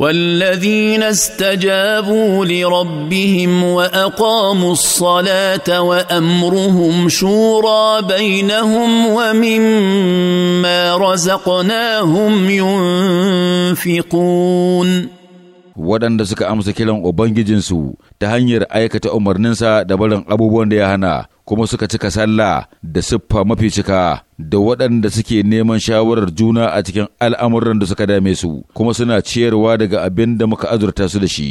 والذين استجابوا لربهم واقاموا الصلاه وامرهم شورى بينهم ومما رزقناهم ينفقون waɗanda suka amsa kiran Ubangijinsu ta hanyar aikata umarninsa da barin abubuwan da ya hana kuma suka cika sallah da siffa mafi cika da waɗanda suke neman shawarar juna a cikin al'amuran da suka dame su kuma suna ciyarwa daga abin da muka azurta su da shi